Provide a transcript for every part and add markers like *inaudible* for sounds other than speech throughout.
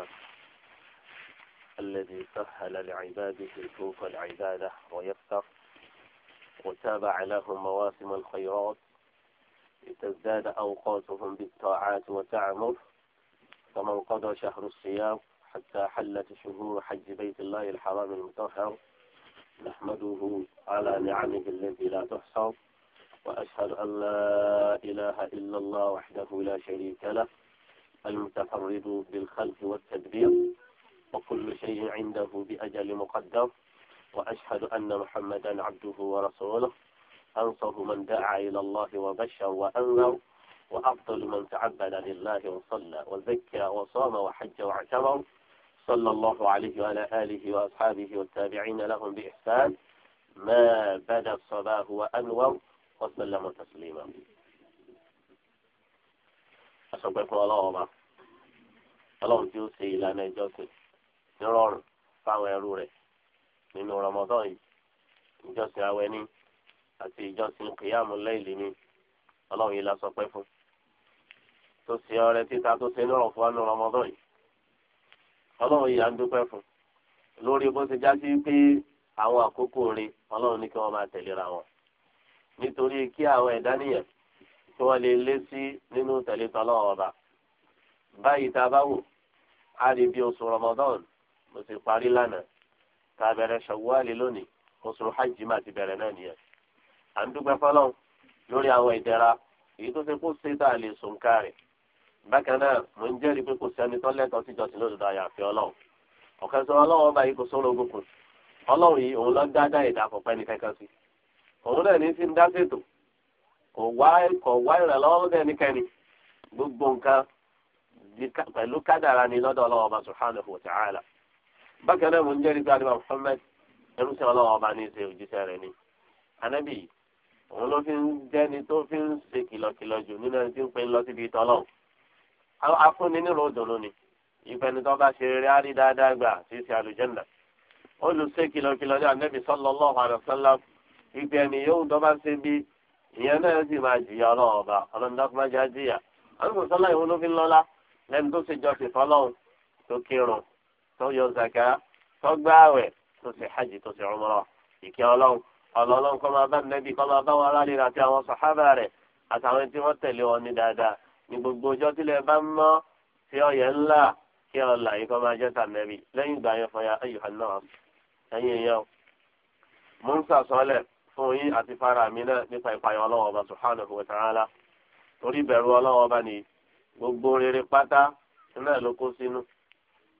السلام الذي سهل لعباده الكوف العبادة ويفتق وتابع لهم مواسم الخيرات لتزداد أوقاتهم بالطاعات وتعمر فمن قضى شهر الصيام حتى حلت شهور حج بيت الله الحرام المطهر نحمده على نعمه التي لا تحصى وأشهد أن لا إله إلا الله وحده لا شريك له المتفرد بالخلق والتدبير وكل شيء عنده بأجل مقدر وأشهد أن محمدا عبده ورسوله أنصر من دعا إلى الله وبشر وأنذر وأفضل من تعبد لله وصلى وزكى وصام وحج واعتمر صلى الله عليه وعلى آله وأصحابه والتابعين لهم بإحسان ما بدا الصباح وأنور وسلم تسليما. أشكركم الله وبركاته. ọlọ́run tí ó ṣe ìlànà ìjọsìn nírọ̀rùn fáwọn ẹrú rẹ̀ nínú rọmọdán yìí ìjọsìn àti ìjọsìn kìyàmù lẹ́yìn ní ọlọ́run yìí fún tó ṣe ọrẹ títa tó ṣe nírọ̀ fún rọmọdán yìí ọlọ́run yìí à ń dúpẹ́ fún lórí bó ṣe já sí pé àwọn àkókò ọlọ́run ní kí wọ́n a lè bí oṣù Ramadan mo sì parí lánàá tá a bẹ̀rẹ̀ Ṣawwal lónìí oṣù hajj má ti bẹ̀rẹ̀ náà nìyẹn à ń dúpẹ́ fọlọ́n lórí àwọn ìdẹ̀ra èyí tó ṣe kó ṣe tá a lè sùn kárẹ̀ bákan náà mo ń jẹ́rìí pé kò sẹ́ni tó lẹ́tọ̀ọ́ sí ìjọsìn lódodo àyàfi ọlọ́run ọ̀kan sọ ọlọ́run ọba yìí kò sóró ogun ọlọ́run yìí òun lọ dáadáa ẹ̀dá àkọ́pẹ́ ní kankan sí òun náà ní sí ń dá ṣètò kò wá ìrànlọ́wọ́ lọ́dẹ̀ níkẹ́ni gbogbo nǹkan pẹ̀lú kádàrà ni lọ́dọ̀ ọlọ́wọ́ ọba subhanahu wa ta'ala. bákan náà mo ń jẹ́rìí pé àdìbà Muhammad ẹrú sí ọlọ́wọ́ ọba ní ìṣe òjíṣẹ́ rẹ̀ ni. anábì òun ló fi ń jẹ́ni tó fi ń ṣe kìlọ̀kìlọ̀ jù nínú ẹni tí ń pè ń lọ síbi ìtọ́lọ́ afúnni nírò òdòdó ni ìpẹni tó bá ṣe rere á dáadáa gbà sí ti àlùjẹ́nà olùṣe kìlọ̀kìlọ̀ ní anábì sallallahu lẹ́nu tó ṣe jọ ṣètò ọlọ́run tó kírun tó yọ zaka tó gbààwẹ̀ tó ṣe hajj tó ṣe umrah ìkẹ́ ọlọ́run ọlọ́run kọ́ máa bá nẹ́bí kọ́ máa bá wọn aráàlú rẹ̀ àti àwọn sàhábà rẹ̀ àtàwọn tí wọ́n tẹ̀lé wọn ní dáadáa ní gbogbo ọjọ́ tílẹ̀ bá ń mọ́ tí ọ̀yẹ́ ńlá kí ọ̀la yìí kọ́ máa jẹ́ tànẹ́bí lẹ́yìn ìgbà yẹn fọyà ayùhàn náà ẹ̀yìn yẹn mo ń sàsọ́lẹ̀ fún yín àti fara mi náà nípa ìpayọ̀ ọlọ́wọ́ ọba subhanahu wa ta'ala torí bẹ̀rù ọlọ́wọ́ ọba nìyí gbogbo rere pata ńlẹ ló kó sínú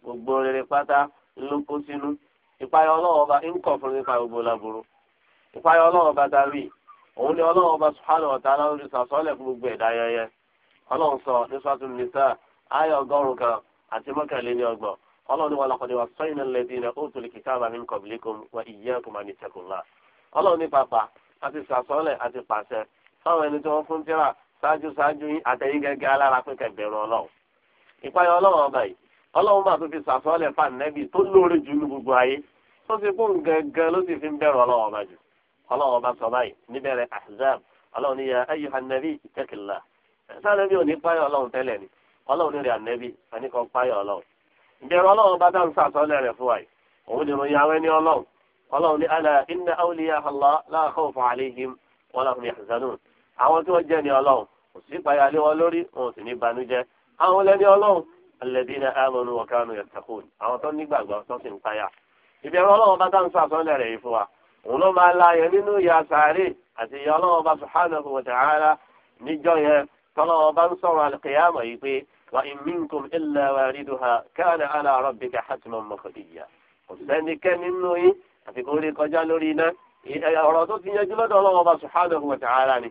gbogbo rere pátá ló kó sínú ìpayọ ọlọ́wọ́ bá ń fún nípa gbogbo làbúrò ìpayọ ọlọ́wọ́ bá darí òun ni ọlọ́wọ́ bá subhanahu wa ta'ala lórí fún gbogbo ẹ̀dá ayẹyẹ sọ ní sọ́tún nìta ayé ọgọ́rùn kan àti ní ọgbọ̀n lẹ́dí iná ó tún lè kíkà bá mi ń ṣáájú ṣáájú yín àtẹ̀yìn gẹ́gẹ́ alára pé kẹbẹ̀rù ọlọ́run ìpayọ̀ ọlọ́run ọba yìí ọlọ́run bá tó fi sàsọ́ọ́lẹ̀ fáànù nẹ́bì tó lóore jù ní gbogbo ayé tó ti kún gẹ́gẹ́ ló sì fi ń bẹ̀rù ọlọ́run ọba jù ọlọ́run ọba sọ báyìí níbẹ̀rẹ̀ ahzab ọlọ́run ní ya ayyuhan nabi ittaqilla sáré bí òní páyọ̀ ọlọ́run tẹ́lẹ̀ ni ọlọ́run rẹ̀ ànẹ́bí àníkan páyọ̀ ọlọ́run ìbẹ̀rù ọlọ́run àwọn tí wọ́n jẹ́ ní ọlọ́run kò sí ìpayà lé wọn lórí wọn ò sì ní banújẹ́ àwọn lẹ́ni ọlọ́run alladina amanu wa kanu yattaqun àwọn tó nígbàgbọ́ tó sì ń payà ìbẹ̀rù ọlọ́run bá dáhùn sàtọ́lẹ̀ rẹ̀ yìí fún wa òun ló máa la yẹn nínú ìyà sàárè àti ìyà ọlọ́run bá subhanahu wa ta'ala níjọ́ yẹn tọ́lọ́run bá ń sọ̀rọ̀ al-qiyamah yìí pé wa in minkum illa wariduha kana ala rabbika hatman maqdiyya kò sẹ́nikẹ́ni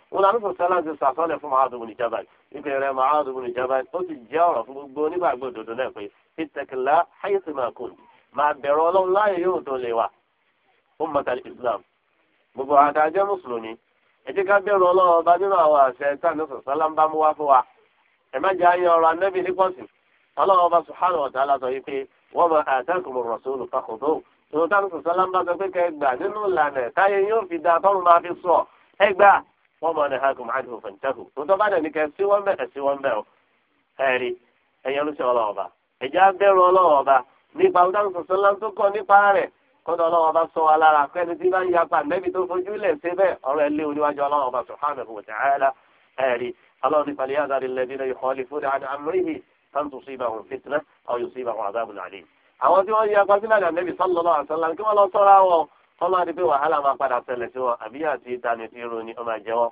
wọn lànà sọ̀tẹ́ láti sàtọ́lẹ̀ fún Mu'adh ibn Jabal ìpè rẹ̀ Mu'adh ibn Jabal ó ti jẹ́ ọ̀rọ̀ fún gbogbo onígbàgbọ́ òdodo náà pé ìtẹ̀kìlá haythu ma kunt máa bẹ̀rù ọlọ́run láàyè yóò tó lè wà ummatal Islam gbogbo àdájẹ́ mùsùlùmí ẹ jẹ́ ká bẹ̀rù ọlọ́run ọba nínú àwọn àṣẹ táwọn sọ̀tẹ́lá ń bá mú wá fún wa ẹ má jẹ́ ayé ọ̀rọ̀ anábì nípọ̀sí ọlọ́run ọba subhanahu wa wọ́n mọ̀ ní hagum adùn fẹ̀ntẹ́hù tó tọ́ bá dẹ̀ ní kẹ́ sí wọ́n bẹ̀ sí wọ́n bẹ̀ ọ́ ẹ̀rí ẹ̀yẹ ló ṣe ọlọ́ọ̀ba ẹ̀jẹ̀ abẹ́rù ọlọ́ọ̀ba nípa ọdún sọ̀sọ́ ńlá tó kọ́ nípa rẹ̀ kọ́dọ̀ ọlọ́ọ̀ba sọ wa lára kẹ́ni tí bá ń yapa nẹ́bi tó fojú lẹ̀ ṣe bẹ́ẹ̀ ọ̀rọ̀ ẹ̀lẹ́ oníwájú ọlọ́ọ̀ba subhanahu wa ta'ala ẹ̀rí ọlọ́ọ̀ni ọmọ àti pé wàhálà máa padà ṣẹlẹ̀ sí wọn àbí àti ìtàní ti ro ni ọmọ àjẹwọ́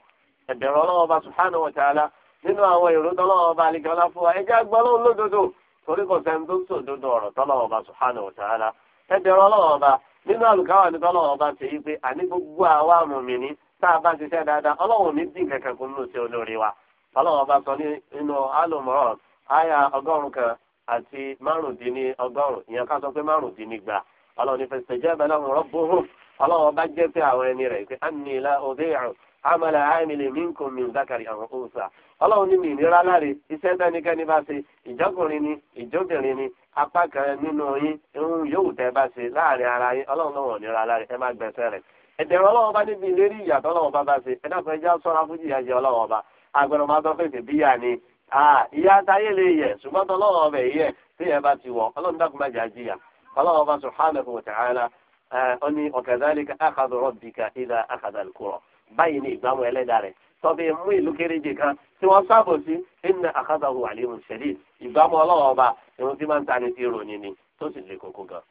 ẹ̀bẹ̀rẹ̀ ọlọ́wọ́ bá subhanahu wa ta'ala nínú àwọn èrò tọ́lọ́wọ́ bá alẹ́ jọlá fún wa ẹjẹ́ agbọ́lọ́wọ́ lódodo torí kò sẹ́ni tó sọ òdodo ọ̀rọ̀ tọ́lọ́wọ́ bá subhanahu wa ta'ala ẹ̀bẹ̀rẹ̀ ọlọ́wọ́ bá nínú àlùkáwà ni tọ́lọ́wọ́ bá ṣe yí pé àní gbogbo àwa mùmìnì tá a bá ṣiṣẹ́ dáadáa ọlọ́wọ́ ní dín kankan kún ní òṣèlú olórí wa tọ́lọ́wọ́ bá sọ nínú alùmọ́ràn áyà ọgọ́rùn-ún kan àti márùndínlọ́gọ́rùn-ún ìyẹn ká sọ pé márùndínlígba ọlọ́run nífẹ̀ẹ́ sẹ̀jẹ́ bẹ́ẹ̀ náà rọ́ bó ọlọ́run bá jẹ́ pé àwọn ẹni rẹ̀ pé ànìlá òde àrùn àmàlà àìmìlì minkum min zakari àwọn òòsà ọlọ́run ní mi ìnira láre iṣẹ́ tẹ́nikẹ́ni bá ṣe ìjọkùnrin ni ìjọbìnrin ni apá kan nínú yín irun yòówù tẹ́ bá ṣe láàrin ara yín ọlọ́run náà wọ̀n nira láre ẹ má gbẹ̀sẹ̀ rẹ̀ ẹ̀dẹ̀rọ̀ ọlọ́run bá níbi ọlọ́wọ́ bá subhanahu wa ta'ala ọ ní ọ̀kẹ́dálíkà akhadhu rabbika idha akhadha al-qura báyìí ní ìgbàmù ẹlẹ́dàá rẹ̀ tọ́bi mú ìlú kéréje kan tí wọ́n sábò sí inna akhadhahu alimun shadid ìgbàmù ọlọ́wọ́ bá irun tí máa ń tani ti ròyìn ni tó sì lè kókó gan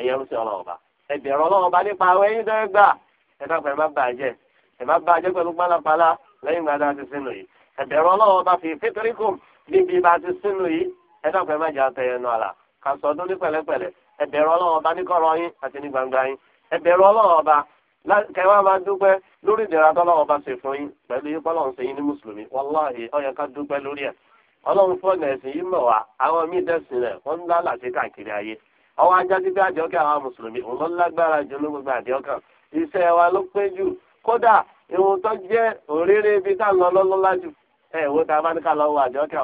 ẹ̀yẹ ń sẹ́ ọlọ́wọ́ bá ẹ̀bẹ̀rẹ̀ ọlọ́wọ́ bá nípa àwọn ẹ̀yìn tó ń gbà ẹ dákun ẹ má bàjẹ́ ẹ má bàjẹ́ pẹ̀lú pálapàla lẹ́yìn gbàdá ti sínú ní pẹ̀lẹ́pẹ̀lẹ́ ẹ ọlọrọ ọba ní kọrọ yín àti ní gbangba yín ẹ bẹ̀rù ọlọ́run ọba kẹwàá máa dúpẹ́ lórí ìdẹ̀ra tọ́lọ́run ọba ṣe fún yín pẹ̀lú yín pọ́lọ́run ṣe yín ní mùsùlùmí wàláhì ká dúpẹ́ lórí ẹ fún yìí wá àwọn ń lálà sí káàkiri ayé ajá sí àwọn mùsùlùmí òun lágbára wa ló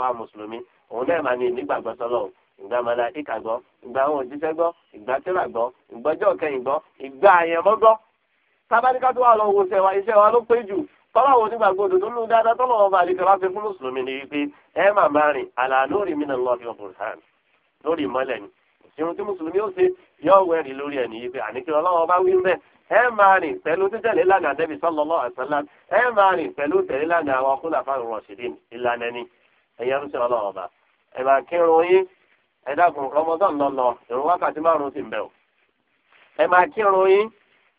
pé ìgbà màláíkà gbọ́ ìgbà àwọn òjíṣẹ́ gbọ́ ìgbà tírà gbọ́ ìgbọ́jọ́ kẹyìn gbọ́ ìgbà àyẹ̀mọ́ gbọ́ tábàdíkà tó wà lọ wo iṣẹ́ wa iṣẹ́ wa ló pé jù tọ́láwọ̀ onígbàgbọ́ òdòdó ló dáadáa tọ́lọ̀ wọn bá àdìgbà wá fi fún mùsùlùmí ni wípé ẹ máa máa rìn àlà lórí mi náà lọ́ọ̀dì ọkùnrin lórí ìmọ́lẹ̀ ni ìrun tí mùsùlùmí ó ṣe yọ wẹ̀rì lórí ẹ̀ nìyí pé àníkí ọlọ́wọ́ bá wí bẹ́ẹ̀ ẹ máa rìn pẹ̀lú títẹ̀lé lánàá Ànábì sallallahu alaihi wasallam ẹ máa rìn pẹ̀lú tẹ̀lé lánàá àwọn khulafa'ur rashidin ìlànà ni ẹ̀yẹ ọlọ́wọ́ bá ẹ máa kírun yín ẹ dákun Ramadan lọlọ ìrun wákàtí márùn sì ń bẹ o ẹ máa kírun yín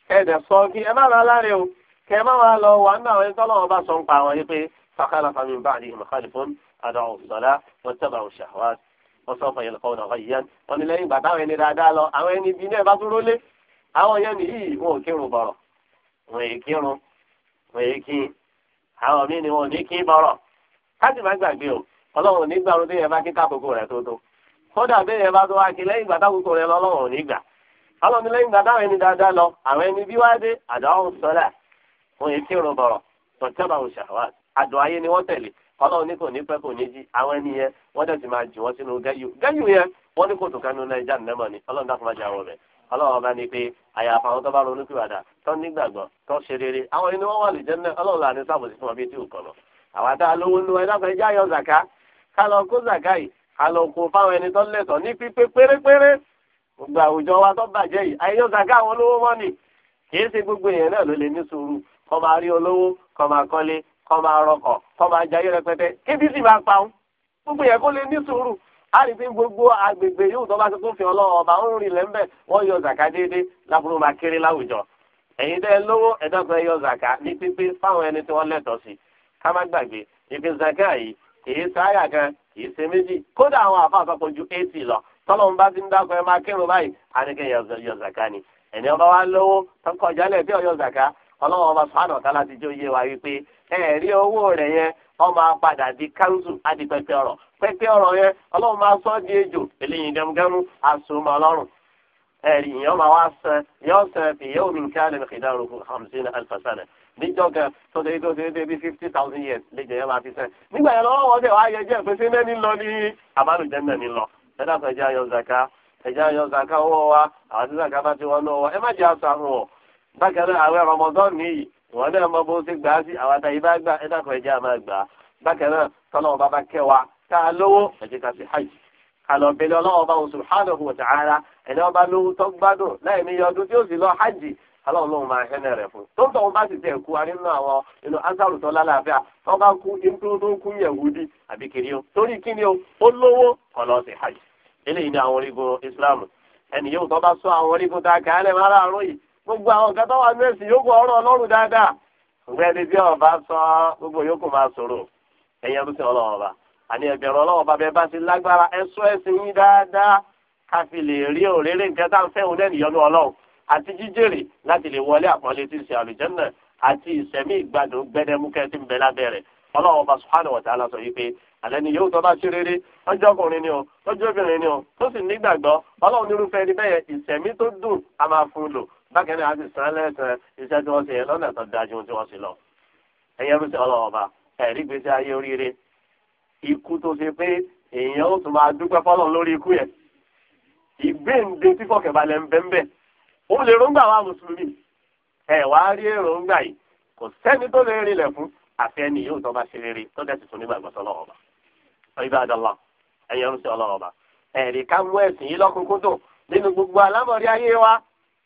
ẹ dẹ sọ kí ẹ má máa láre o kẹ ẹ má máa lọ wà nínú àwọn ẹsọ lọ́wọ́ bá sọ ń pa àwọn yìí pé fàkàlà fàmí ń bá àdìyí mọ̀kálífọ́n àdàwọ̀ sọ̀lá wọ́n tẹ̀bà òṣàwá wọ́n sọ fàyẹ̀ lọ́kọ́ ọ̀nà ọ̀yẹ́ wọn ni lẹ́yìn bàtà àwọn ẹni dáadáa lọ àwọn ẹni bí náà bá tún rólé àwọn àwọn míì kódà bẹ́ẹ̀ yẹn bá tó wá kí lẹ́yìn ìgbà táwùkọ rẹ lọ́lọ́run nígbà àwọn mi lẹ́yìn ìgbà táwọn ẹni dáadáa lọ àwọn ẹni bí wá dé àdáwọn sọlá wọn yìí kírun bọ̀rọ̀ tọ́tẹ́bà òṣàwà àdó ayé ni wọ́n tẹ̀lé ọlọ́run ní kò ní pẹ́ kò ní jí àwọn ẹni yẹn wọ́n dẹ̀ ti máa jù wọ́n sínú gẹ́yù gẹ́yù yẹn wọ́n ní kò tó kánú náà ìjà nẹ́mọ̀ ni ọlọ́run dákun má jẹ́ àwọn ọ̀bẹ ọlọ́run ọba ni pé àyàfà àwọn tó bá ronú pìwàdà tó nígbàgbọ́ tó ṣe rere àwọn ẹni wọ́n wà lè jẹ́ náà ọlọ́run là ní sábòsí fún wọn bí tí ò kọ̀ lọ àwọn àtàlówó ń lo ẹ̀dá fẹ́ jáyọ̀ zàká ká lọ kó zàká yìí àlòkù fáwọn ẹni tó lẹ̀tọ̀ ní pípé pérépéré gbogbo àwùjọ wa tó bàjẹ́ yìí àyè yóò zàgá àwọn olówó mọ́nì kì í ṣe gbogbo èèyàn náà ló lè ní sùúrù kó máa rí olówó kó máa kọ́lé kó máa rọkọ̀ kó máa jayé rẹpẹtẹ kébí sì máa pa òun gbogbo yẹn kó lè ní sùúrù àrí fi gbogbo agbègbè yóò tó bá ti tó fi ọlọ́wọ́ ọba ń rìn lẹ́ńbẹ̀ wọ́n yọ zàká déédéé láburú máa kéré láwùjọ ẹ̀yin dẹ́ lówó ẹ̀dọ́gbọ̀n yọ zàká ní pípé fáwọn ẹni tí wọ́n lẹ́tọ̀ọ́ sí ká má gbàgbé ìfi zàká yìí èyí sáyà kan kìí ṣe méjì kódà àwọn àfa àsọpọ̀ ju eighty lọ tọ́lọ́mù bá ti ń dákọ ẹ máa kírun báyìí àdìgẹ́ yọ zàká ni ẹni ọba wa lówó tọkọjá lẹ̀ tí ọyọ zàká ọlọ́wọ́n ọba sọ́hánà ọ̀tá láti wa wípé owó rẹ̀ yẹn wọ́n máa padà di pẹpẹ ẹ̀rí ìyẹn máa wá san yóò san bí yóò mi nǹkan lẹ́nu kìdá orúkú hamsin alifasana níjọ́ kan tó ṣe tó ṣe dé bí fifty thousand years léjọ yẹn máa fi san nígbà yẹn lọ́wọ́ wọ́n dẹ̀ wá yẹ jẹ́ pèsè náà ní lọ ní àbálùjẹ́ náà ní lọ ẹ dákun ẹja yọ zaka ẹja yọ zaka owó wa àwọn tí zaka bá ti wọn lọ wa ẹ má jẹ́ aṣọ àwọn ọ̀ bákan náà àwẹ̀ Ramadan nìyí wọn náà mọ bó ṣe gbà á sí àwọn àtàyè bá gbà ẹ dákun ẹja máa gbà bákan náà tọ́lọ́ bá bá kẹwàá ká lówó ẹ̀jẹ̀ ká sí hajj kàlọ́ bẹ̀rẹ̀ ọlọ́wọ́ bá wọn subhanahu wa ta'ala ẹni ọba lówó tó gbádùn láì ní ọdún tí ó sì lọ hajj aláwọ̀ lóun máa hẹ́nẹ̀ rẹ̀ fún tó ń tọ́ wọn bá sì tẹ̀ kú wa nínú àwọn inú azaru tó lálàáfíà tó bá kú nítorí tó ń kú yẹ̀wúdí àbí kiri o torí kí o ó lówó kọ̀ sí hajj eléyìí ni àwọn orígun Islam ẹni yóò tó bá sọ àwọn orígun tá a kà á lẹ̀ máa rárọ̀ yìí gbogbo àwọn nǹkan tó wà ní ẹ̀sìn yókù ọ̀rọ̀ ọlọ́run dáadáa ọ̀gbẹ́ni bí ọba sọ gbogbo yókù máa sọ̀rọ̀ ẹ̀yẹ ọlọ́run ọba àní ẹ̀bẹ̀rẹ̀ ọlọ́run ọba bẹ́ẹ̀ bá ti lágbára ẹ̀sọ́ ẹ̀sìn yín dáadáa ká fi lè rí òrèrè nǹkan tá à ń fẹ́ òun ẹ̀nìyàn ní ọlọ́run àti jíjèrè láti lè wọlé àpọ́nlé tí ń ṣe àlùjànnà àti ìsẹ̀mí ìgbádùn gbẹdẹmúkẹ tí ń bẹ lábẹ́rẹ̀ ọlọ́run ọba subhanahu wa ta'ala sọ yìí pé àlẹ́ ni yóò tọ́ bá ṣe rere ọjọ́ ọkùnrin ni o ọjọ́ obìnrin ni o tó sì nígbàgbọ́ ọlọ́run nírúfẹ́ ẹni bẹ́yẹn ìsẹ̀mí tó dùn a máa fún un lò bákan náà a ti sàn án lẹ́sàn-án iṣẹ́ tí wọ́n ṣe yẹn lọ́nà tó dájú tí wọ́n ṣe lọ. ẹ̀yẹ́ ló ọlọ́run ọba ẹ̀rí gbèsè ayé oríire ikú tó ṣe pé èèyàn ó tún máa dúpẹ́ fọ́lọ́run lórí ikú yẹn ìgbéǹde tí fọkànbalẹ̀ ń bẹ́ńbẹ́ òun lè rọ́ngbà wa mùsùlùmí ẹ̀ wá rí èròǹgbà yìí kò sẹ́ni tó lè rinlẹ̀ fún àfi ẹni yóò tọ́ bá ṣe rere tó dẹ̀ tuntun nígbà gbọ́sọ̀ lọ́wọ́ ọba ọyíbá adọ́lá ẹ̀yẹ ń sọ ọlọ́wọ́ ọba ẹ̀rí ká mú ẹ̀sìn yìí lọ́kùnkúndùn nínú gbogbo alámọ̀rí ayé wa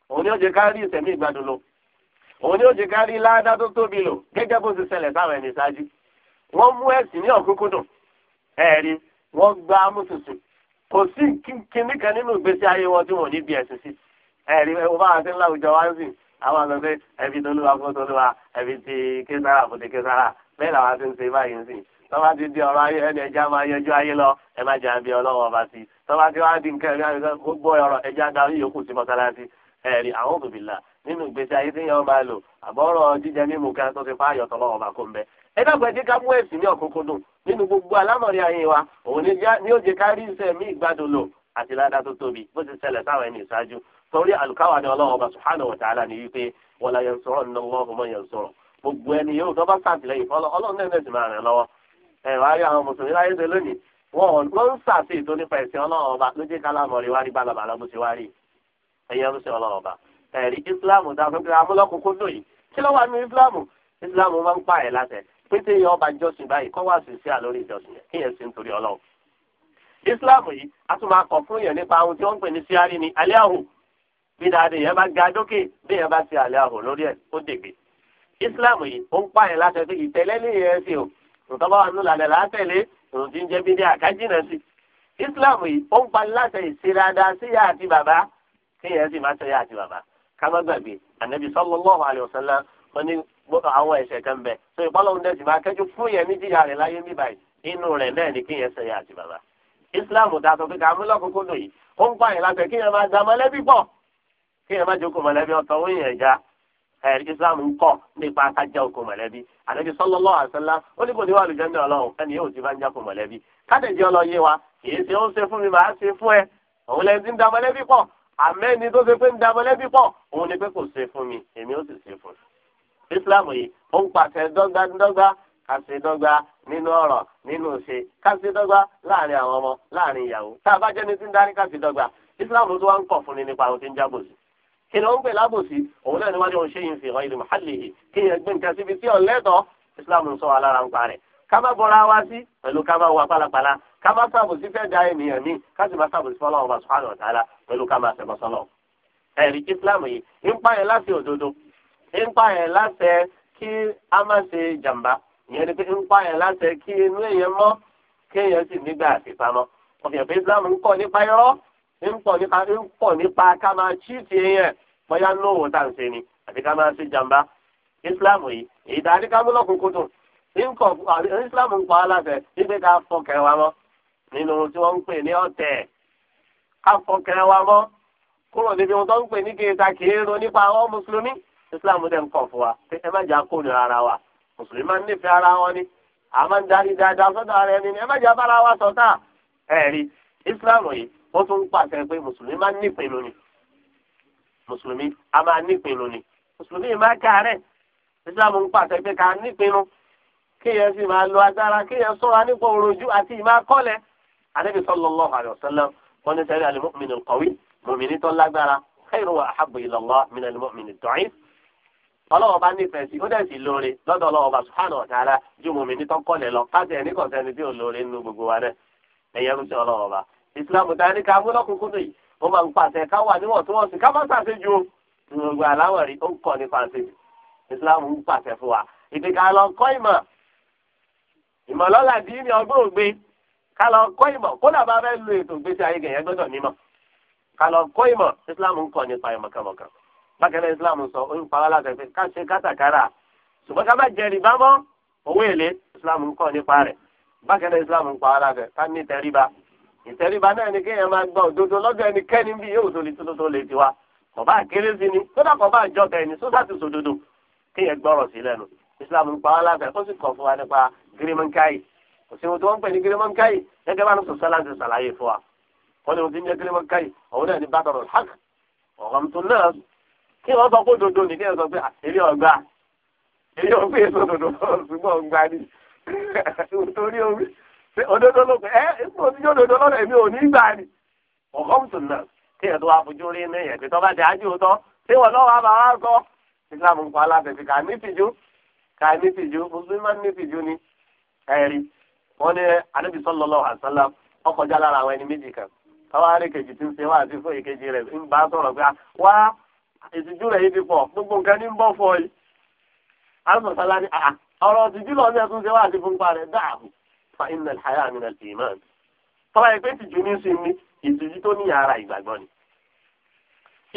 òun ni ó jẹ́ ká rí ìsẹ̀mí ìgbàdùn òun ni ó jẹ́ ká rí ládá tó tóbi lò gẹ́gẹ́ bó ti ṣẹlẹ̀ sáwọn ẹni ṣáájú wọ́n mú ẹ̀sìn ní ọ̀kúnkúndùn ẹ̀rí wọ́n gba amútùtù kò sí kíní kan nínú ìgbésí ayé wọn tí wọn ní bí ẹ̀sìn sí ẹ̀rí ẹ̀wọ̀n bá àti ńlá òjò wá sí àwọn àgbẹ̀ pé ẹbí tolúwa fún tolúwa ẹbí ti késàrà fún ti késàrà bẹ́ẹ̀ làwọn ti ń ṣe báyìí ń sìn tọ́ba ti di ọ̀rọ̀ ayé ẹni ẹja máa yanjú ayé lọ ẹ má jẹ́ àbí ọlọ́wọ́ ọba sí tọ́ba ti wá di nǹkan ẹ̀rí àbí gbogbo ọ̀rọ̀ ẹja darí yòókù sí mọ́sálásí ẹ̀rí àwọn òbíbìlà nínú ìgbésí ayé tí yẹn máa lò àbọ̀rọ̀ jíjẹ mímu kan tó ti fáyọ̀ tọ́lọ́wọ́ ọba kó ń bẹ. ẹ dàgbẹ́ jẹ́ ká mú ẹ̀sìn ní ọ̀kúnkúndùn nínú gbogbo alámọ̀rí ayé wa òun ni ó jẹ kárí iṣẹ́ mi ìgbádùn lò àti ládàá tó tóbi bó ti ṣẹlẹ̀ sáwọn ẹni ìṣáájú torí àlùkáwà ni ọlọ́run ọba subhanahu wa ta'ala ni wípé wala yansurunna Allahu man yansuru gbogbo ẹni yóò tó bá sàtìlẹ́yìn fọlọ́ ọlọ́run náà ti máa rìn lọ́wọ́ ẹ wá rí àwọn mùsùlùmí láyé ṣe lónìí wọn ò ló ń sàtì tó nípa ẹ̀sìn ọlọ́run ọba ló jẹ́ kálámọ̀rí wárí bálabàlá bó ṣe wárí ẹ̀yẹ ló ṣe ọlọ́run ọba ẹ̀rí ìsìláàmù dáa fún pé amúlọ́kùnkún lóyìí kí ló wà ní ìsìláàmù ìsìláàmù máa ń pààyàn látẹ̀ pété yẹn ọba jọ́sìn báyìí kọ́ wá sí sí àlórí ìjọsìn yẹn kéèyàn sí nítorí ọlọ́run. islam yìí a tún máa kọ̀ fún yẹn nípa ohun tí wọ́n ń pè ní síárì ní alẹ́ àhù bí dáadé yẹn bá ga dókè bí yẹn bá ti alẹ́ àhù lórí ẹ̀ ó dègbè. islam yìí ó ń pààyàn láti ẹsẹ̀ ìtẹ́lẹ́ ní ìyẹn ẹsẹ̀ o nǹkan bá wà nínú làdà látẹ̀lé òun ti ń jẹ́ bídé àkájìnà sí. islam yìí ó ń pààyàn láti ìsirada síyà àti bàbá kéèyàn sì má sẹ́yà àti bàbá ká má sallallahu alaihi wasallam wọn àwọn ẹ̀ṣẹ̀ kan bẹ̀ so ìpọ́lọ́hún dẹ̀ sì máa kẹ́jú fún yẹn ní jíjà rẹ̀ láyé ní báyìí inú rẹ̀ náà ni kí yẹn ṣe yà àti bàbá ìsìláàmù ta sọ pé ká mú lọ́kùnkún lò yìí ó ń pààyàn láti kí yẹn máa da mọ̀lẹ́bí pọ̀ kí yẹn máa jókòó mọ̀lẹ́bí ọ̀tọ̀ ó yẹn já ìsìláàmù ń kọ̀ nípa kájà oko mọ̀lẹ́bí ànábi sallallahu alaihi wasallam ó ní kò ní wà lùjẹ́ ní ọlọ́run ẹni yóò ti bá ń jáko mọ̀lẹ́bí kádẹ̀jẹ́ ọlọ́yé wa kì í ṣe ó ń ṣe fún ni pé kò ṣe fún mi èmi islam yìí ó ń pàṣẹ dọ́gbadọ́gba ká ṣe dọ́gba nínú ọ̀rọ̀ nínú ṣe ká ṣe dọ́gba láàrin àwọn ọmọ láàrin ìyàwó tá a bá jẹ́ ní ti ń darí ká ṣe dọ́gba islam tó wá ń kọ̀ fún ni nípa àwọn tí ń jábòsí kí ni ó ń pè lábòsí òun náà ni wọ́n ní òun ṣe yín fi hàn ìlú mọ̀hálìhì kí yẹn gbé nǹkan síbi tí ọ̀lẹ́dọ̀ islam ń sọ wa lára ń parẹ́ ká má bọ́ra wá sí pẹ̀lú ká má wa pálapàla ká má sàbòsí fẹ́ da ènìyàn mí ká sì má sàbòsí fọlọ́wọ́n bá sùhánù ọ̀tá la pẹ̀lú ká má sẹ̀mọ́sọ́lọ́ ẹ̀rí islam yìí ń pààyàn láti òdodo ń pààyàn láṣẹ kí a má ṣe jàǹbá ìyẹn ni pé ń pààyàn láṣẹ kí inú èèyàn mọ́ kí èèyàn sì nígbà àfipamọ́ ọ̀fìyàn pé Islam ń kọ́ nípa irọ́ ń pọ̀ nípa ń pọ̀ nípa ká máa chíìtì èèyàn bóyá lóòwò tá à ń ṣe ni àti ká máa ṣe jàǹbá Islam yìí èyí tá a ní ká mú lọ́kùnkún dùn nkọ Islam ń pa aláfẹ ibi ká fọkẹ wa mọ́ nínú tí wọ́n ń pè ní ọ̀tẹ̀ ká fọkẹ wa mọ́ kúrò níbi wọn tó ń pè ní kéèta kìí ro nípa àwọn mùsùlùmí islam dẹ̀ ń kọ̀ fún wa pé ẹ má jà kó nira ara wa mùsùlùmí máa ń nífẹ̀ẹ́ ara wọn ni a máa ń darí dáadáa sọ́dọ̀ ara ẹni ni ẹ má jà bára wa sọ̀tà ẹ̀rí islam yìí ó tún ń pàṣẹ pé mùsùlùmí máa ń nípinnu ni mùsùlùmí a máa nípinnu ni mùsùlùmí máa káàárẹ̀ islam ń pàṣẹ pé ká nípinnu kéèyàn sì máa lo agbára kéèyàn sọ́ra nípa òròjú àti ìmá kọ́lẹ̀ anabi sallallahu ọlọ́wọ́ bá nífẹ̀ẹ́ sí ó dẹ̀ sì lóore lọ́dọ̀ ọlọ́wọ́ bá subhanahu wa ta'ala ju mùmí ní tọ́kọ̀lẹ̀ lọ káṣí ẹni kọ̀ọ̀sẹ́ ni tí ò lóore nínú gbogbo wa náà ẹ̀yẹ́ ń sọ ọlọ́wọ́ bá ìsìlámù tani ká múlọ́kùnkún nìyí ó máa ń pàṣẹ ká wà níwọ̀ntúnwọ̀nsì ká má ṣàṣe ju gbogbo aláwọ̀ rí ó ń kọ́ nípa ṣe ìsìlámù ń pàṣẹ fún wa ìdí ká lọ kọ́ ìmọ̀ ìmọ̀lọ́lá dín ní ọgbọ́n ògbé ká lọ kọ́ ìmọ̀ kódà bá fẹ́ lo ètò ìgbésí ayé gẹ̀yẹ́ gbọ́dọ̀ nímọ̀ bákẹ́lẹ́ islam sọ ó ń parọ́ láti ẹgbẹ́ ká ṣe kátàkárà ṣùgbọ́n ká bá jẹ rìbá mọ́ owó èlé islam ń kọ́ nípa rẹ̀ bákẹ́lẹ́ islam ń parọ́ láti ká ní ìtẹríba ìtẹríba náà ni kéèyàn máa gbọ́ òdodo lọ́dọ̀ ẹnikẹ́ni bí yóò tó lè tó lè tiwa kọ̀bá kéré ni kódà kọ̀bá àjọ tẹ̀yìn sódà ti sòdodo kéèyàn gbọ́rọ̀ sí lẹ́nu islam ń parọ́ láti ó sì kọ̀ fún wa nípa gírímọ̀nkáyì kò sí ohun tí wọ́n ń pè ní gírímọ̀nkáyì gẹ́gẹ́ bá ń sọ sálá ti sàlàyé fún wa wọ́n ní ohun tí ń jẹ́ gírímọ̀nkáyì òun náà ní bàtọ̀rọ̀ hàk ọ̀gọ̀mtún náà kí wọ́n sọ pé dodo nìkí ẹ̀ sọ pé àṣírí ah, ọgbà èyí ò èso dodo ṣùgbọ́n ọgbà ni *laughs* torí orí òdodo ló pé ẹ ipò òtijọ́ òdodo lọ́nà èmi ò ní gbà ni ọ̀gọ́m tó nà kí ẹ̀ tó wá fojú rí ní ẹ̀gbẹ́ tó bá dé ájú tọ́ tí wọ́n lọ́wọ́ àbá wá sọ Islam ń pa alábẹ̀sí kà ní tìjú kà ní tìjú mùsùlùmí ní tìjú ni ẹ̀rí wọ́n ní anábì sallallahu alaihi wasallam ọkọjá àwọn ẹni méjì kan káwá kejì tí ń ṣe wá àti fún ìkejì rẹ̀ ń bá sọ̀rọ̀ pé wá ìtìjú rẹ̀ yìí ti pọ̀ gbogbo nǹkan ní ń bọ̀ fọ yìí. alùpàṣálá ni ah, ọ̀rọ̀ ìtìjú lọ́ọ́ ní ẹ̀tún ṣe wá àti fúnpa rẹ̀ dáàbò fa iná ìhàyà mi náà tìí náà. tọ́lá yìí pé ìtìjú ní sí mi ìtìjú tó ní ara ìgbàgbọ́ ni.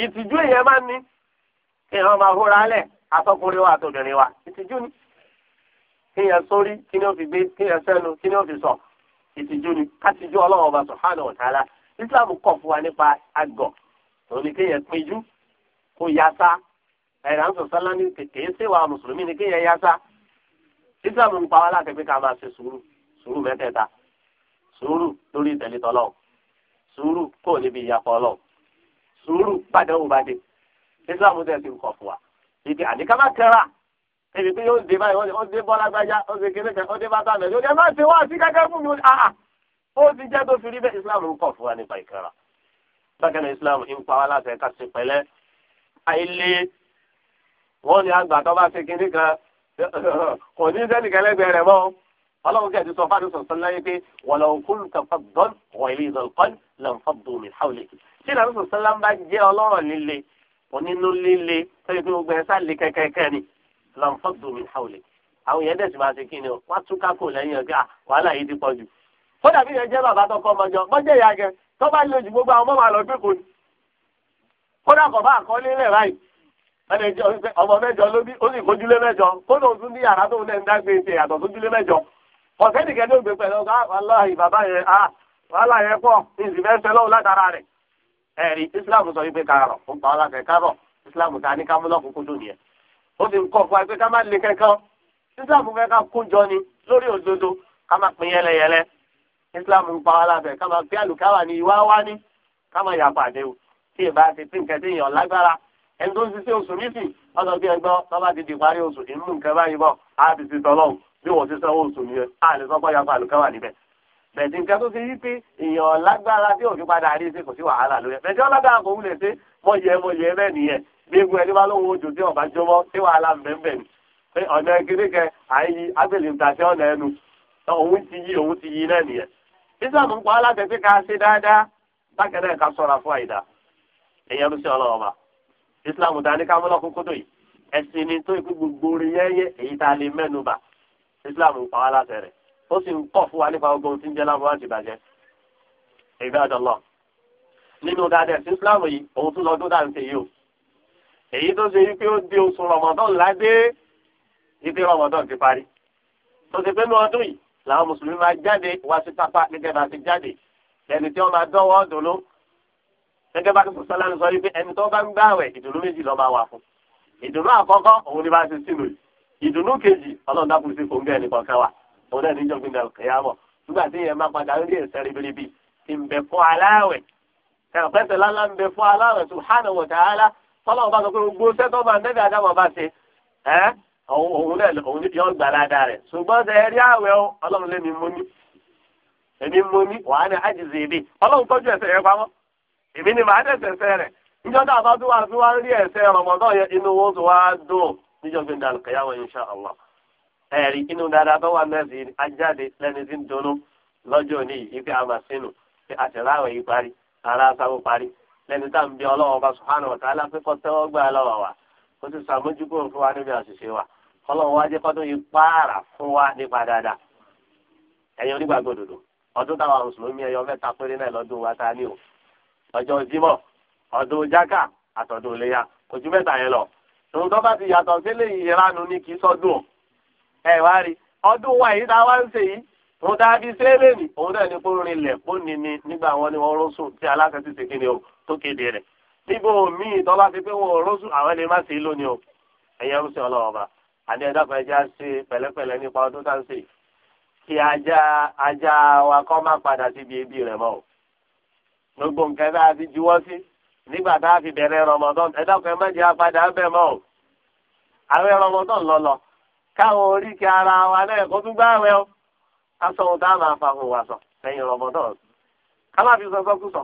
ìtìjú èèyàn máa ń ní kí èèyàn máa hóra lẹ̀ atọ́kùnrin wa àtòbìnrin wa ìtìjú ni. kéèyàn sórí kí ni ó fi gbé kéèyàn sẹ́nu kí ni ó fi sọ ìtìjú ni kátìjú ọlọ́run ọba subhanahu wa ta'ala islam kọ̀ fún wa nípa àgọ̀ òní kéèyàn péjú kó yasa ẹ̀rọ àwọn sọ̀sọ́lá ní kékeré ṣèwà mùsùlùmí ni kéèyàn yasa islam ń pa wá láti pé ká máa ṣe sùúrù sùúrù mẹ́tẹ̀ẹ̀ta sùúrù lórí ìtẹ̀lé tọ́lọ́ sùúrù kò níbi ìyapọ̀ ọlọ́ sùúrù bàdéhù bàdé islam tẹ̀ sí nǹkan fún wa ibi àdìká má kẹ́ra ebi pé yóò dé báyìí ó dé bọ́lá gbájá ó dé kéde kan ó dé bàtà mẹ́rin ó dé má ṣe wá sí kẹ́kẹ́ fún mi àà ah, ah. ó ti jẹ́ tó fi rí bẹ́ẹ̀ islam ń kọ̀ fún wa nípa ìkẹ́ra bákan náà islam ń pa wá láti ẹ̀ka sí pẹ̀lẹ́ àìlè wọ́n ní àgbà tó bá ṣe kinní kan kò ní sẹ́nìkan lẹ́gbẹ̀ẹ́ rẹ̀ mọ́ ọlọ́run kẹ́ẹ̀dì sọ fáwọn sọ̀tọ́ láyé pé wọ̀lọ́run kúlù kẹfà dán wọ̀ ilé ìzọ̀kọ́n lọ́nfọ́n domi hàwùlẹ̀ tí ìlànà sọ̀tọ́ lá ń bá jẹ́ ọlọ́rọ̀ líle onínú líle tẹ́lẹ̀ pé gbogbo ẹ̀ sá lé kẹ́kẹ́kẹ́ ni lọ́nfọ́n domi hàwùlẹ̀ àwọn èèyàn dẹ̀ sì máa ṣe kí ni wọ́n tún kákò lẹ́yìn ọ̀gá wàhálà yìí ti pọ̀ jù. kódà bí yẹn jẹ́ bàbá tó ọmọ jọ mọ́jẹ́ ìyá gẹ tó bá lè ju gbogbo àwọn ọmọ màá lọ kódà bàbá àkọọ́lẹ̀ ilẹ̀ ráì ọmọ mẹ́jọ ló bí ó sì kójúlé mẹ́jọ kódà òtún ní yàrá tó ń dẹ́n dágbé ti yàtọ̀ sójúlé mẹ́jọ ọ̀sẹ́ nìkẹ́ ló gbé pẹ̀lú ọgá aláì bàbá yẹn a wàhálà yẹn pọ̀ nìsí fẹ́ fẹ́ lọ́wọ́ látara rẹ̀ ẹ̀rí Islam sọ wípé kárọ̀ ó pa ọlá kẹkárọ̀ Islam ta ní kámúlọ́kù kójú nìyẹn ó ti kọ́ fún wa pé ká má le kankan Islam fẹ́ ká kúnjọ ni lórí òdodo ká má pín yẹlẹyẹlẹ Islam ń pa ọlá bẹ̀ ká má fi àlùkáwà ní ìwá wá ní ká má yàgbà àdéhùn tí ì bá ti tí nǹkan tí èèyàn lágbára ẹni tó ń ṣiṣẹ́ oṣù mísì ọ̀nà bí ẹgbọ́n tó ti di parí oṣù ìmú nǹkan báyìí bọ̀ á ti ti tọ́lọ́ bí wọ́n ti sanwó oṣù nìyẹn á lè sọ́kọ́ yàgbọ́ àlùkà wà níbẹ̀. bẹ̀ẹ̀dì nǹkan tó ti yí pé èèyàn lágbára tí òfin padà rí sí kò sí wàhálà lórí ẹ̀ bẹ̀ẹ̀dì ọlágbára kò wúlẹ̀ sí mọ̀yẹ mọ̀yẹ bẹ́ẹ̀ nìyẹn bí egun ẹni bá lóhun ojú tí ọba jọmọ tí wàhálà bẹ́ẹ̀ pé ọ̀nà kiri àyí agbèlè ntàṣẹ ọ̀nà ẹnu òun ti yí òun ti yí náà nìyẹn. islam ń pa aláṣẹ pé ká ṣe dáadáa bákẹ́ náà ká sọ̀ra fún àìdáa ẹ̀yẹ rúṣẹ́ ọlọ́wọ́ bá islam ta ní ká mú lọ́kùn kótó yìí ẹ̀sìn ni tó ikú gbogbo orin yẹ́yẹ́ èyí tá a lè mẹ́nu bà islam ń pa wá láṣẹ rẹ̀ ó sì ń pọ̀ fún wa nípa gbogbo ohun tí ń jẹ́ láwọn àti ìbàjẹ́ ìbádọ́lọ́ nínú dáadáa sí islam yìí òun tún lọ́dún dà ń ṣe o èyí tó ṣe wípé ó di oṣù rọmọdán ládé ibi rọmọdán ti parí tó ṣe pé ní ọdún yìí làwọn mùsùlùmí máa jáde wá sí pápá gẹ́gẹ́ bá ti jáde ẹni tí wọ́n máa dánwọ́ dùnú gẹ́gẹ́ bá kíkọ sọlá ń sọ yìí pé ẹni tó bá ń gbààwẹ̀ ìdùnnú méjì ló máa wà fún ìdùnnú àkọ́kọ́ òun ni bá ti sínú yìí ìdùnnú kejì Ọlọ́run dákun sí fòǹgẹ ẹnìkan kan wà òun náà níjọ gbìndà kẹyàmọ nígbà tí yẹn máa padà rí ẹsẹ̀ ribiribi ti fún aláwẹ̀ ẹnìpẹsẹ lálá ń bẹ fún aláwẹ̀ subhanahu wa ta'ala Ọlọ́run bá sọ pé gbogbo sẹtọ máa nẹbi adámọ bá ṣe ẹ òun náà òun yóò ìbí ni màá dẹ̀sẹ̀ sẹ́ rẹ̀ níjọ́ tá a bá tún wá wá rí ẹ̀sẹ̀ rọmọdọ́ yẹn inú wọn tó wá dùn níjọ́ fi dàn kẹ́yàwó insha Allah ẹ̀rí inú dáadáa bá wà mẹ́sì ajáde lẹ́ni tí ń dunnú lọ́jọ́ ní ìpè àmàsínú pé àtẹ̀láwẹ̀ yìí parí ara sáwó parí lẹ́ni tá à ń bí ọlọ́wọ́ bá subhanahu wa ta'ala tẹ́wọ́ gbà lọ́wọ́ wa ó ti sàmójúkò fún wa níbi ọjọ́ Jímọ̀ ọdún jákà àtọ̀dún iléyà ojú mẹ́ta yẹn lọ tòun tó bá ti yàtọ̀ sílé yìí ránu ní kí sọ́dún ẹ wá rí ọdún wa yìí tá a wá ń ṣe yìí òun tá a fi ṣe òun náà ní kó rinlẹ̀ kó ní ni nígbà wọn ni wọn rọ́ṣù tí aláṣẹ ti ṣe ni o tó kéde rẹ̀ níbo míì tó bá fi pé wọn rọ́ṣù àwọn ẹni má ṣe é lónìí o ẹ̀yẹ ń ṣe ọlọ́wọ́ bá àti ẹ̀dá kan ẹja ṣe pẹ̀lẹ́pẹ̀lẹ́ nípa ọdún tá ń ṣe kí ajá ajá wa kọ́ má padà síbi ebi rẹ̀ mọ́ o gbogbo nǹkan tá a ti juwọ́ sí nígbà tá a fi bẹ̀rẹ̀ rọmọdán ẹ dákun ẹ má jẹ́ apádà mọ́ o lọlọ káwọn oríkèé ara wa náà kó tún gbá o sọ lẹ́yìn rọmọdán ká fi sọsọ kú sọ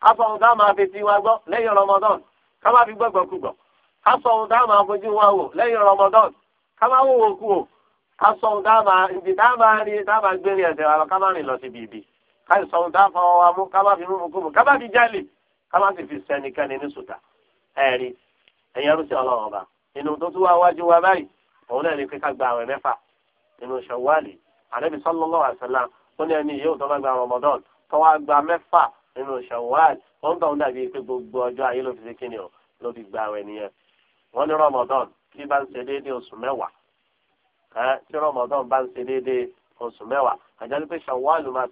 tá a máa fi gbọ́ lẹ́yìn ká má fi kú gbọ́ tá a máa fojú wa wò lẹ́yìn ká má wò wò kú o tá a máa káyì sọ̀rọ̀ tá a fọwọ́ wa mú ká má fi mímu kú mu ká má fi jálè ká má sì fi sẹ́nikẹ́ni ní sùtà ẹ̀rí ẹ̀yẹ rúṣì ọlọ́run ọba inú tó tún wá wájú wa báyìí òun náà ní pé ká gba àwẹ̀ mẹ́fà inú ṣọ̀wálì ànábì sallallahu alaihi wasallam ó ní ẹni yóò tó bá gba Ramadan tó wá gba mẹ́fà inú ṣọ̀wálì ó ń tọ́ ń dàbí pé gbogbo ọjọ́ ayé ló fi ṣe kíni o ló fi gba àwẹ̀ nìyẹn wọ́n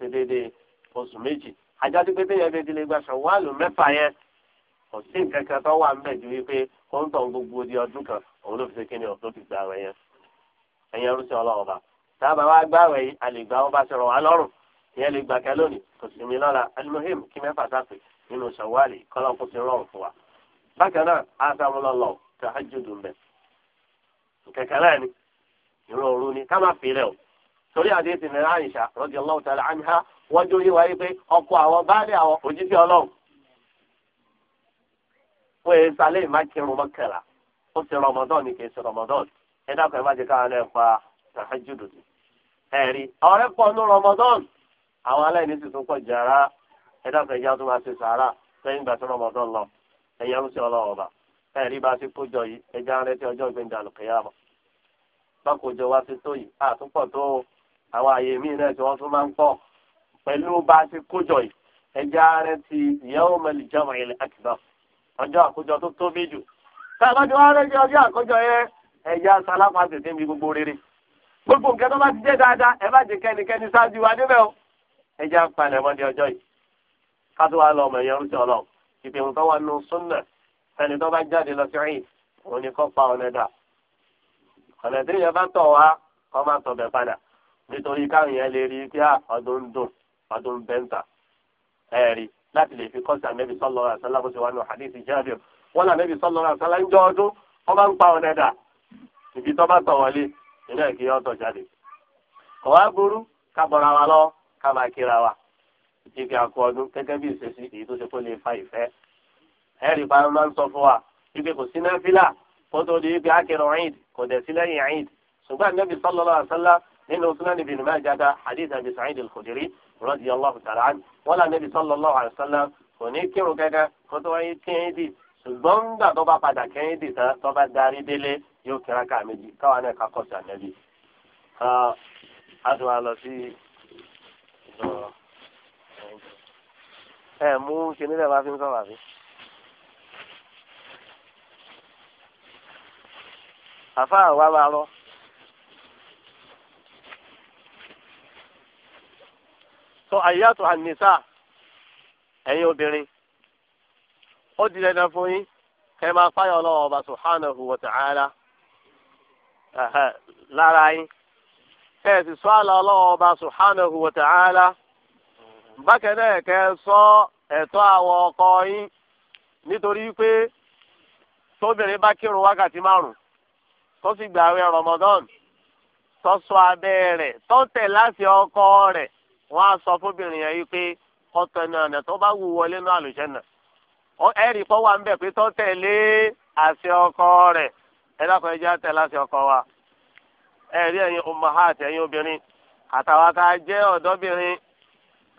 ní oṣù méjì àjọdún pé téèyàn bẹ délé gba ṣàwálù mẹ́fà yẹn kò sí nǹkan kan tó wà ńbẹ̀ ju wípé ó ń tàn gbogbo di ọdún kan òun ló fi ṣe kí ni ọ̀tún ti gbà wẹ̀ yẹn ẹ̀yẹn rúṣẹ́ ọlọ́run bá táàbà wá gbà wẹ̀ yìí a lè gbà wọn bá ṣe rọ̀ wá lọ́rùn ìyẹn lè gbà kẹ́ lónìí kò sì mí lọ́la alimohim kí mẹ́fà sáfì nínú ṣàwálì kọ́lọ́kù ti rọrùn fún wa wọ́n jó yé wáyé pé ọkọ àwọn báàlì àwọn òjíṣẹ́ ọlọ́run wọ́n yẹ sálẹ̀ ìmá kírun mọ́kànlá ó ṣe rọmọdọ́n ni kìí ṣe rọmọdọ́n ẹ dákọ̀ ẹ má káwọn pa tàhájúdù ẹ̀rí ọ̀rẹ́ pọ̀ ní rọmọdọ́n àwọn aláìní tún pọ̀ ẹ ẹ tó máa ṣe sàárà tí lọ bá ti kójọ yìí ẹ já ọjọ́ ìgbéǹda wa ti tó yìí àtúpọ̀ tó àwọn àyè náà pẹ̀lú bá a ti kójọ yìí ẹja rẹ ti ìyàwó mẹ́lì jọmọ ilẹ̀ àkìbá ọjọ́ àkójọ tó tóbi jù tá a bá ti wá rẹ jẹ ọjọ́ àkójọ yẹn ẹja sálámà tètè mi gbogbo rere gbogbo nǹkan tó bá ti jẹ́ dáadáa ẹ bá jẹ kẹ́nikẹ́ni ṣáájú wa níbẹ̀ o ẹja ń palẹ̀ mọ́ di ọjọ́ yìí ká tó wá lọ ọmọ ẹ̀yẹ rúṣọ lọ ìpinnu tó wà nù súnà ẹni tó bá jáde lọ sí rìn òun ni kò pa ọ̀nà dà ọ̀nà tí yẹn bá tọ̀ wá kọ́ máa tọ̀ bẹ̀ padà nítorí káwọn yẹn lè rí kí ọdún dùn fàdún bẹ́ńtà ẹ̀rí láti lè fi kọ́sí ànẹ́bí sallallahu alaihi wasallam bó ṣe wà ní hadisi Jabir wọn là ànẹ́bí sallallahu alaihi wasallam ń jọ ọdún wọn bá ń pa ọ̀nà ẹ̀dà ìbí tó bá tàn wọlé nínú ẹ̀kí ọ̀tọ̀ jáde ọ̀wá burú ká bọ̀ra wa lọ ká máa kíra wa ibi àkọ ọdún gẹ́gẹ́ bí ìṣesí èyí tó ṣe kó lè fa ìfẹ́ ẹ̀rí pa máa ń sọ fún wa ibi kò sí náfìlà kó tó di ibi akẹrọ ẹ̀yìn kò dẹ̀ sí lẹ́yìn ẹ̀yìn ṣùgbọ́n ànẹ́bí sallallahu alaihi wasallam nínú sunan ibn Majah hadith Abi Sa'id al radiyallahu ta'ala anhu wọ́n lànà ibi sallallahu alaihi wasallam kò ní kírun kankan kó tó wáyé kẹ́hìn dì ṣùgbọ́n nígbà tó bá padà kẹ́hìn dì tán tó bá darí délé yóò kíra ká méjì káwa náà kakọ́ sí ànábì. a tún sí ẹ mú kíní bá fi ń sọ̀rọ̀ àbí. àfa àwa máa lọ. sọ àyàtò ànísà ẹ̀yin obìnrin ó di dandan fún yín kẹ́ máa fáyà ọba subhanahu wa ta'ala lára yín kẹ́ sì sọ àlọ́ ọlọ́wọ́ ọba subhanahu wa ta'ala bákan náà sọ ẹ̀tọ́ àwọn ọkọ yín nítorí pé tóbìnrin bá kírun wákàtí márùn tó sì gbààwẹ̀ Ramadan tó ṣọ́ abẹ́ rẹ̀ tó tẹ̀ láti ọkọ wọ́n á sọ fóbìnrin yẹn yìí pé ọ̀tọ̀ ẹ̀nà ọ̀nà tó bá wù wọlé náà ẹ̀rì pọ̀ wà ń tẹ̀lé àṣẹ ọkọ rẹ̀ ẹ dákun àṣẹ ọkọ wa ẹ̀rí ẹ̀yin umahat ẹ̀yin obìnrin àtàwọn jẹ́ ọ̀dọ́bìnrin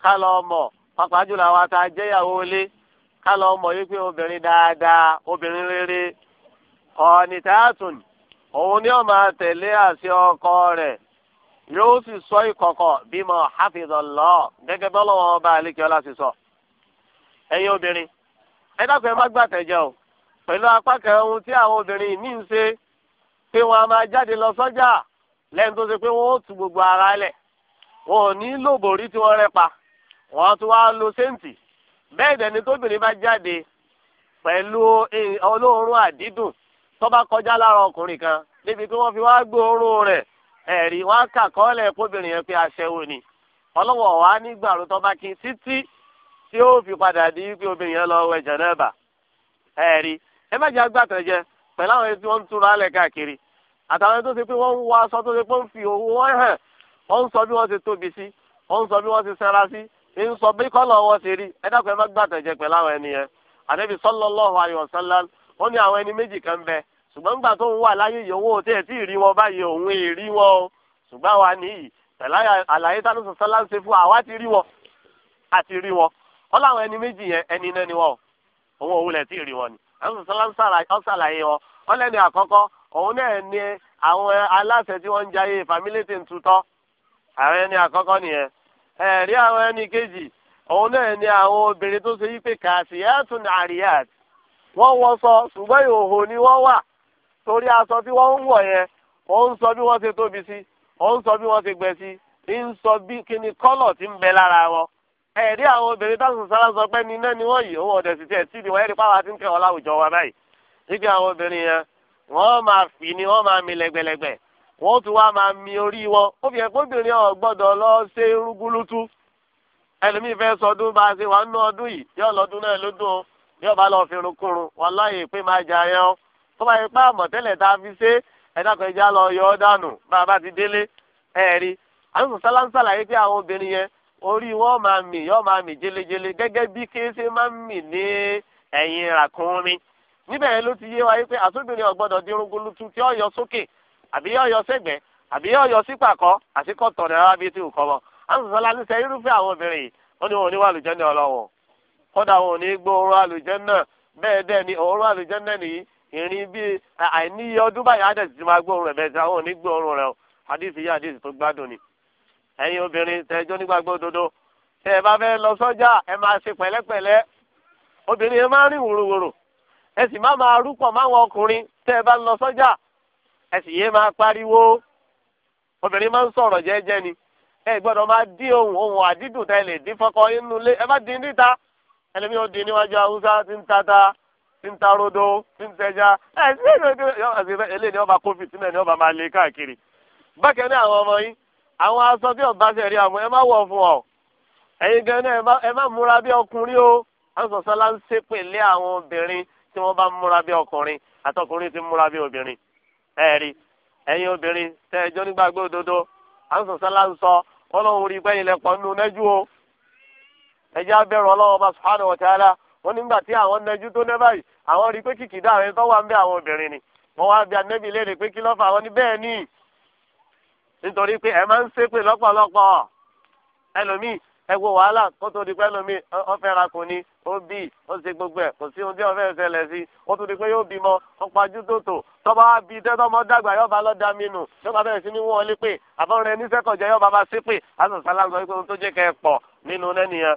ká lọ mọ̀ pàápàá jùlọ àwọn jẹ́ ìyàwó ilé ká lọ ni máa tẹ̀lé ọkọ rẹ̀ yóò sì sọ ìkọ̀kọ̀ bímọ hafizallah gẹ́gẹ́ bọ́lá wọn bá alékè ọlá sì sọ. ẹ̀yin obìnrin ẹ dákun ẹ má gbàtẹ̀jẹ́ o pẹ̀lú apá kan ohun tí àwọn obìnrin míì ń ṣe pé wọn a máa jáde lọ sọ́jà lẹ́yìn tó ṣe pé wọ́n ó tu gbogbo ara lẹ̀ wọn ò ní lòbòrí tí wọ́n rẹ́ pa wọ́n á tún wá lo séǹtì bẹ́ẹ̀ dẹ̀ni tóbìnrin bá jáde pẹ̀lú olóòórùn àdídùn tó bá kọjá lára ọkùnrin kan níbi pé wọ́n fi wá gbóòórùn rẹ̀ ẹ̀rí wọn kà kọ́lẹ̀ kóbìnrin yẹn pé aṣẹ́wó ni ọlọ́wọ́ wa nígbà kí títí tí ó fi padà di pé obìnrin yẹn lọ wẹ̀ jẹ̀nẹ́bà ẹ̀rí ẹ má jẹ́ agbátẹ̀jẹ pẹ̀lú wọ́n ń túra lẹ̀ káàkiri àtàwọn tó ṣe pé wọ́n ń wọ aṣọ tó ṣe pé ń fi owó wọn ń sọ bí wọ́n ṣe tóbi sí ń sọ bí wọ́n ṣe sí ń sọ bí kọ́lọ̀ wọn ṣe rí ẹ dákun ẹ má pẹ̀lú àwọn ẹni yẹn àdébí ṣùgbọ́n nígbà tó ń wà láyé ìyówó tí ẹ̀ tí ì rí wọn báyìí òun ì rí wọn o ṣùgbọ́n àwa nìyí pẹ̀lá àlàyé tá ló sọ sọ́lá ń ṣe fún àwa ti rí wọn àti rí wọn wọ́n láwọn ẹni méjì yẹn ẹni náà ni wọn o òun òun lẹ̀ tí ì rí wọn ni àwọn sọ́lá ń ṣàlàyé wọn wọ́n lẹ́ni àkọ́kọ́ òun náà ni àwọn aláṣẹ tí wọ́n ń jayé fàmílétè ń tutọ́ àwọn ẹni àkọ́kọ́ nìyẹn ẹ̀rí àwọn ẹni kejì òun náà ni àwọn obìnrin tó ṣe yí pé kàṣíyàtún wọ́n wọ́n sọ ṣùgbọ́n ìhòòhò ni wọ́n wà torí aṣọ tí wọ́n ń wọ̀ yẹn ó ń sọ bí wọ́n ṣe tóbi sí ó ń sọ bí wọ́n ṣe gbẹ sí ń sọ bí kíni kọ́lọ̀ ti ń bẹ lára wọn ẹ̀rí àwọn obìnrin táwọn sára sọ pé ní iná ni wọ́n yìí òun ọ̀dẹ̀ sì tiẹ̀ tí ni wọ́n ẹ̀rí pàwọn àti ń kẹwọ́ láwùjọ wa báyìí nígbà àwọn obìnrin yẹn wọ́n máa fì ni wọ́n máa mi lẹ́gbẹ̀lẹ́gbẹ̀ wọ́n tún wá máa mi orí wọn ó fi ẹ̀kọ́ obìnrin ọ̀ gbọ́dọ̀ lọ ṣe rúgúlútú ẹlòmíì fẹ́ sọdún bá a ṣe wà nínú ọdún yìí yóò lọ́dún náà lọ́dún yóò bá lọ fi runkunrun wàláyé pé máa jẹ ayán tó bá yẹ pé àmọ̀tẹ́lẹ̀ tá a fi ṣe ẹ̀dàkọ̀ ẹja lọ yọ ọ́ dànù bá a bá ti délé ẹ̀ rí àwọn sọ̀sálà ń sàlàyé pé àwọn obìnrin yẹn orí wọn máa mì yọ máa mì jelejele gẹ́gẹ́ bí kéésì máa ń mì ní ẹ̀yìn ràkúnrin níbẹ̀ yẹn ló ti yé wa yí pé àtúndìrín ọ̀gbọ́dọ̀ di rungolutu tí ó yọ sókè àbí yọ yọ sẹ́gbẹ̀ẹ́ àbí yọ yọ sípàkọ́ àtikọ́ tọ̀rẹ̀ rárá bíi ti ò kọ́ wọn àwọn sọ̀sálà ń sẹ irúfẹ́ àwọn obìnrin yìí wọ́n ní wọn ò ní wà lùjẹ́ ní ọlọ́wọ́ kódà wọn ò ní gbọ́ àlùjẹ́ náà bẹ́ẹ̀ dẹ́ ni òórùn àlùjẹ́ náà nìyí ìrìn bíi àìníye ọdún báyìí ti máa gbóòórùn rẹ̀ mẹ́ta òun ní gbóòórùn rẹ̀ o àdìsí yá àdìsí tó gbádùn ni. ẹ̀yin obìnrin tẹ́jọ́ nígbàgbọ́ òdodo tẹ́ ẹ bá fẹ́ lọ sọ́jà ẹ máa ṣe pẹ̀lẹ́pẹ̀lẹ́ obìnrin máa rìn sì má máa rúpọ̀ máwọn ọkùnrin bá lọ sọ́jà sì máa pariwo ni gbọ́dọ̀ máa dí ohun ohun àdídùn dín fọkọ inú ẹ tí ń ta rodo tí ń tẹja ẹ ṣé eléyìí ni ọba covid náà ni ọba máa lé káàkiri bákẹ́ ní àwọn ọmọ yín àwọn aṣọ tí ọba ṣẹ̀rí àwọn ẹ má wọ̀ fún ọ ẹ̀yin gan náà ẹ má múra bí ọkùnrin o àwọn sọ̀sọ́ la ń ṣépè lé àwọn obìnrin tí wọ́n bá ń múra bí ọkùnrin àtọkùnrin tí ń múra bí obìnrin ẹ rí ẹ̀yin obìnrin tẹ ẹjọ́ nígbàgbọ́ òdodo àwọn sọ̀sọ́ la ń sọ ọlọ́run rí pẹ́yìn lẹ́pọ̀ nínú nẹ́jú o ẹjẹ́ abẹ́rù ọlọ́run ọba subhanahu wa ta'ala wọ́n nígbà tí àwọn nẹjú tó nẹ́ báyìí àwọn rí pé kìkìdá àwọn tó wà ń bẹ àwọn obìnrin ni wọ́n wá bí anẹ́bí léèrè pé kí ló fà wọ́n ní ni nítorí pé ẹ máa ń ṣépè lọ́pọ̀lọpọ̀ ẹlòmíì ẹ wo wàhálà kó tó di pé ẹlòmíì ó fẹ́ ra kò ní ó bì ó ṣe gbogbo ẹ̀ kò sí ohun tí ó fẹ́ ṣẹlẹ̀ sí ó tún di pé yóò bímọ ó pajú tòtò tọ́ba wá bí tẹ́tọ́ ọmọ dàgbà yóò bá lọ́ọ́ da mi nù yóò bá bẹ̀rẹ̀ sí ní wọ́n lé pé àbọ̀rẹ́ níṣẹ́ kọjá yóò bá bá ṣépè àtúnṣe aláǹsọ pé tó jẹ́ kẹ́ ẹ nínú nẹ́nìyàn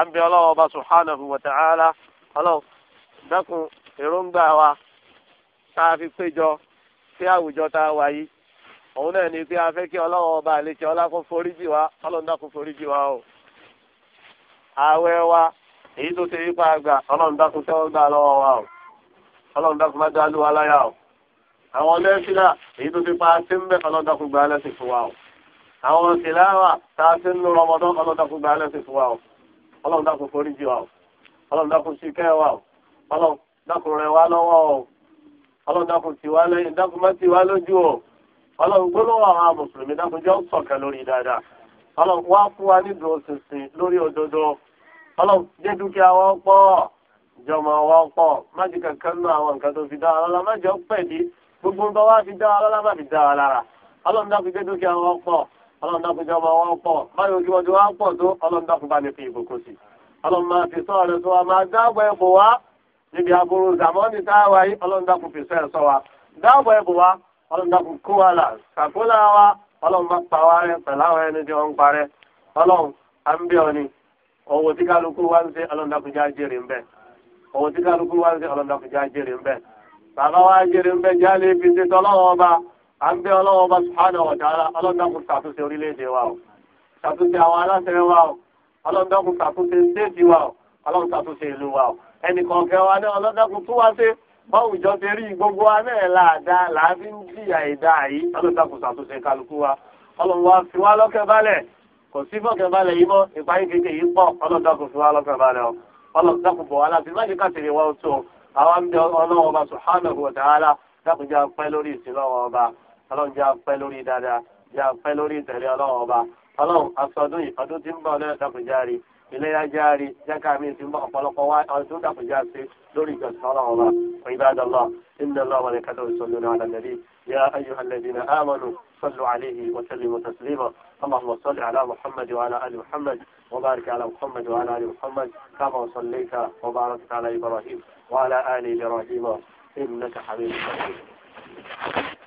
àbí ọlọ́run ọba subhanahu wa ta'ala ọlọ́run dẹ́kun èròǹgbà wa tá a fi péjọ sí àwùjọ tá a wà yìí òun náà ni pé a fẹ́ kí ọlọ́run ọba àlejò wa ọlọ́run dákun foríjì yi o ààwẹ̀ wa èyí tó ṣe yípa àgbà ọlọ́run dákun tẹ́wọ́ gbà lọ́wọ́ wa o ọlọ́run dákun má dá lúwa láyà o àwọn èyí tó ti pa sí ń bẹ́ ọlọ́run dákun gbà lẹ́sìn fún wa o àwọn tá ọlọ́run dákun forí jì wá o ọlọ́run dákun sí kẹ́ wa o ọlọ́run dákun rẹ̀ wá lọ́wọ́ o ọlọ́run dákun tì wá lẹ́yìn dákun má tì wá lójú o ọlọ́run gbólóhùn àwọn mùsùlùmí dákun jọ sọ̀kẹ́ lórí dáadáa ọlọ́run wá fún wa ní dùn òṣìṣìn lórí òdodo ọlọ́run jẹ́ dúkìá wọn pọ̀ jọmọ wọn pọ̀ má jẹ́ kankan náà àwọn nǹkan tó fi dá ọlọ́lá má jẹ́ pẹ̀lú gbogbo nǹkan wá fi dá ọlọ́lá má fi dá ọ lára ọlọ́run dákun jẹ́ dúkìá wọn pọ̀ ọlọ́run dákun jẹ́ ọmọ wọn pọ̀ báyìí ojú ọjọ́ wa pọ̀ tó ọlọ́run dákun bá ní fi ìbùkún sí ọlọ́run máa fi sọ ọ̀rẹ́ tó wa máa dáàbò ẹ̀bùn wa níbi aburú zamani táwa yìí ọlọ́run dákun fi sọ ẹ̀ sọ wa dáàbò ẹ̀bùn wa ọlọ́run dákun kó wa là tí ni owó tí kálukú wa ń ṣe ọlọ́run dákun já jèrè ń bẹ̀ owó tí kálukú wa ń ṣe ọlọ́run dákun já jèrè ń bẹ̀ bàbá wa jèrè ń bẹ̀ jálè fi ṣe tọ́lọ́wọ́ ọba a ń ọlọ́wọ́ bá subhanahu wa ta'ala ọlọ́dàkùn orílẹ̀-èdè wa o ṣàtúnṣe àwọn aláṣẹ wa o ọlọ́dàkùn ṣàtúnṣe stéètì wa o ọlọ́run ṣàtúnṣe ìlú wa o wa náà wá sí báwùjọ gbogbo wa náà láàbí ń jìyà ìdá yìí kálukú wa wa fi wá lọ́kẹ́ kò sí fọ́kẹ́ yìí mọ́ ọlọ́run jẹ́ apẹ́ lórí dáadáa jẹ́ apẹ́ lórí ìtẹ̀lé ọlọ́run ọba ọlọ́run asọdún yìí ọdún tí ń bọ̀ lẹ́yìn dàpọ̀járe ìlera járe jáka mi ti ń bọ̀ ọ̀pọ̀lọpọ̀ wá ọdún dàpọ̀já sí lórí ìjọsìn ọlọ́run ọba ìbádà lọ iná lọ́wọ́ ni kátó ìsọ̀lù náà lẹ́lẹ́rí yá ayò alẹ́dínà ámọ́nù sọ̀lù àlehi wọ́sẹ̀lẹ̀ mọ̀tàsílẹ̀mọ̀ اللهم صل على محمد وعلى ال محمد وبارك على محمد وعلى ال محمد كما صليت وباركت على Ibrahim وعلى ال ابراهيم Ibrahim حميد مجيد